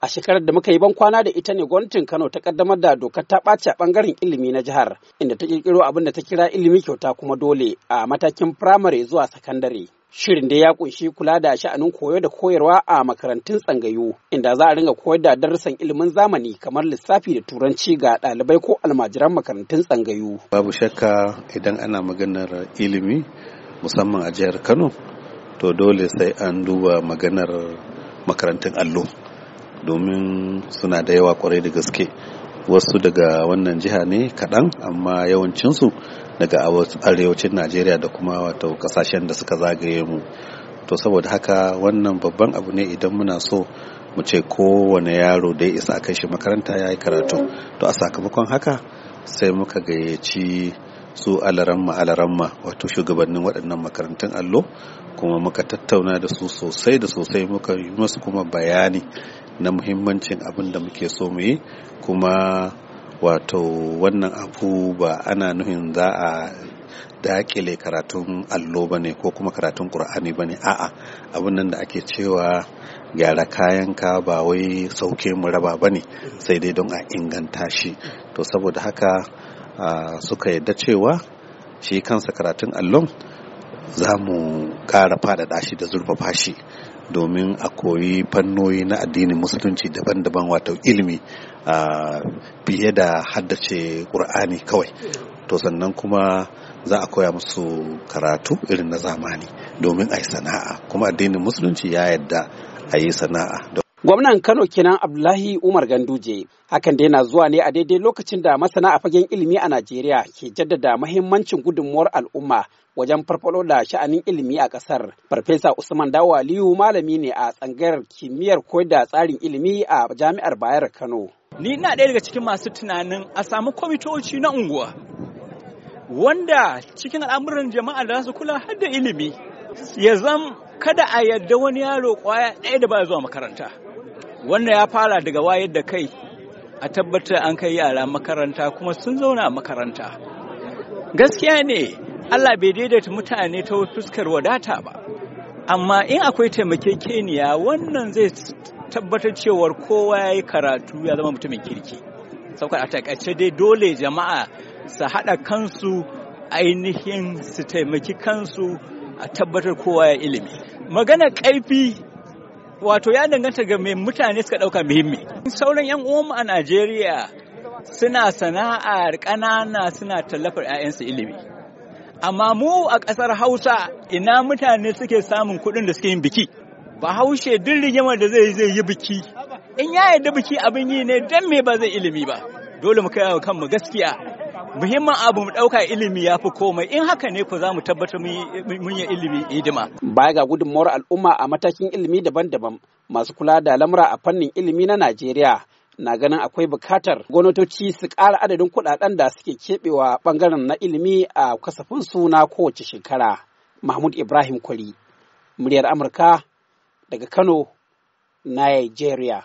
A shekarar da muka yi ban kwana da ita ne gwamnatin Kano ta kaddamar da dokar ta ɓaci a ɓangaren ilimi na jihar, inda ta kirkiro abin da ta kira ilimi kyauta kuma dole a matakin firamare zuwa sakandare. Shirin da ya kunshi kula da sha'anin koyo da koyarwa a makarantun tsangayu, inda za a ringa koyar da darussan ilimin zamani kamar lissafi da turanci ga ɗalibai ko almajiran makarantun tsangayu. Babu shakka idan ana maganar ilimi musamman a jihar Kano, to dole sai an duba maganar makarantun allo. domin suna da yawa kwarai da gaske wasu daga wannan jiha ne kaɗan amma yawancinsu daga arewacin najeriya da kuma wato kasashen da suka zagaye mu to saboda haka wannan babban abu ne idan muna so mu ce kowane yaro da ya isa a kai shi makaranta ya yi karatu to a sakamakon haka sai muka gayyaci su alaramma alaramma wato shugabannin waɗannan makarantun allo kuma muka tattauna da su sosai da sosai muka yi musu kuma bayani na muhimmancin abin da muke so mu yi kuma wato wannan abu ba ana nuhin za a dakile karatun allo ba ne ko kuma karatun ƙur'ani ba ne a'a abin nan da ake cewa gyara kayanka ba wai sauke mu raba ba ne sai dai don a inganta shi to saboda haka ah, suka yadda cewa shi kansa karatun allon za mu ƙara faɗaɗa shi da zurfafa shi domin a koyi fannoyi na addinin musulunci daban-daban wato ilimi a fiye da haddace ƙur'ani kawai to sannan kuma za a koya musu karatu irin na zamani domin a yi sana'a kuma addinin musulunci ya yadda a yi sana'a Gwamnan Kano kenan Abdullahi Umar Ganduje hakan da yana zuwa ne a daidai lokacin da masana a fagen ilimi a Najeriya ke jaddada mahimmancin gudunmuwar al'umma wajen farfalo da sha'anin ilimi a ƙasar. Farfesa Usman Dawo Aliyu malami ne a tsangayar kimiyyar koyar da tsarin ilimi a Jami'ar Bayar Kano. Ni ina ɗaya daga cikin masu tunanin a samu kwamitoci na unguwa wanda cikin al'amuran jama'a da su kula har da ilimi ya zam kada a yarda wani yaro kwaya ɗaya da ba zuwa makaranta. Wannan ya fara daga wayar da kai a tabbatar an kai yara makaranta kuma sun zauna a makaranta. Gaskiya ne Allah bai daidaita mutane ta fuskar wadata ba. Amma in akwai taimakekeniya wannan zai tabbatar cewar kowa ya yi karatu ya zama mutumin kirki. Saukar a takaice dai dole jama'a su haɗa kansu ainihin su taimaki kansu a tabbatar kowa ya ilimi. Magana ƙaifi wato ya danganta ga mai mutane suka ɗauka muhimmi sauran 'yan uwanmu a najeriya suna sana'ar ƙanana suna tallafar 'ya'yansu ilimi amma mu a ƙasar hausa ina mutane suke samun kuɗin da suke yin biki bahaushe duk rigimar da zai zai yi biki in ya yarda biki abin yi ne dan me ba zai ilimi ba dole mu kai kanmu gaskiya muhimman abu mu ɗauka ilimi ya fi komai in haka ne ku za mu tabbatar mun yi ilimi hidima. Baya ga gudunmawar al'umma a matakin ilimi daban-daban masu kula da lamura a fannin ilimi na Najeriya na ganin akwai bukatar gwamnatoci su ƙara adadin kuɗaɗen da suke keɓewa ɓangaren na ilimi a kasafin suna kowace shekara. Mahmud Ibrahim Kwari, muryar Amurka daga Kano, Nigeria.